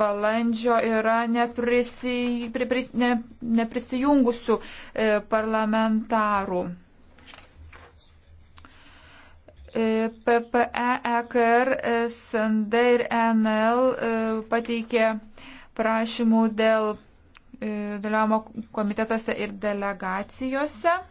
balandžio yra neprisi, pri, pri, ne, neprisijungusių e, parlamentarų. E, PPE, EKR, e, SND ir NL e, pateikė prašymų dėl e, dalyvavimo komitetuose ir delegacijose.